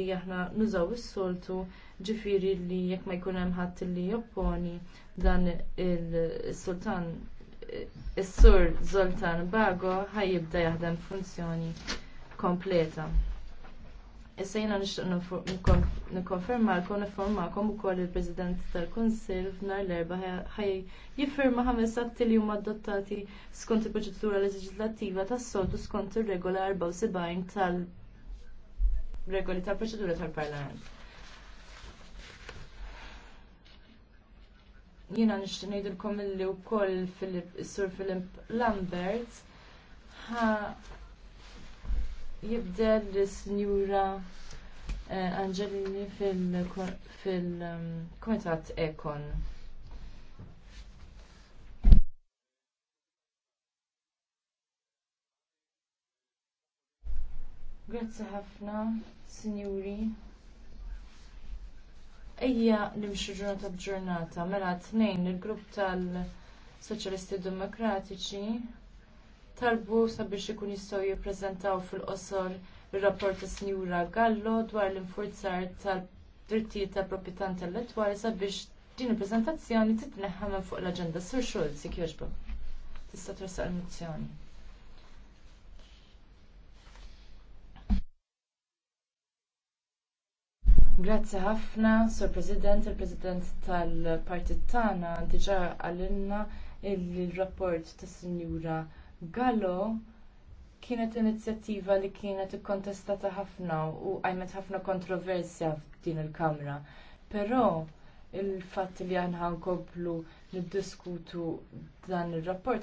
li aħna nużaw is-soltu ġifiri li jekk ma jkun hemm ħadd li jopponi dan il-sultan is-sur Zoltan Bago jibda jaħdem funzjoni kompleta. Issa jiena nixtieq nikkonfermalkom nifformakom ukoll il-President tal-Kunsill f'nar l-erba ħaj jiffirma ħames atti li huma adottati skont il-proċedura leġislattiva tas-soltu skont ir-regola 74 tal- regoli tal-proċedura tal-Parlament. Jiena nixtieq ngħidilkom illi wkoll sur Filip Lambert ha jibdel l-Sinjura eh, Angelini fil-Komitat um, Ekon. Grazzi ħafna, signori. Ejja nimxu ġurnata b'ġurnata, mela tnejn il-grupp tal-Soċjalisti Demokratiċi talbu sabiex ikun jistgħu jippreżentaw fil-qosor ir-rapport ta' Sinjura Gallo dwar l-infurzar tal-drittijiet tal-proprjetà intellettwali sabiex din il-prezentazzjoni titneħħa minn fuq l-aġenda Sir Schulz jogħġbu. Tista' torsaq l mozzjoni Grazzi ħafna, Sur President, il-President tal-Partit tagħna diġa għalilna il-rapport tas Sinjura Gallo kienet inizjattiva li kienet ikkontestata ħafna u għajmet ħafna kontroversja f'din il-Kamra. Però il fat li aħna nkomplu niddiskutu dan ir rapport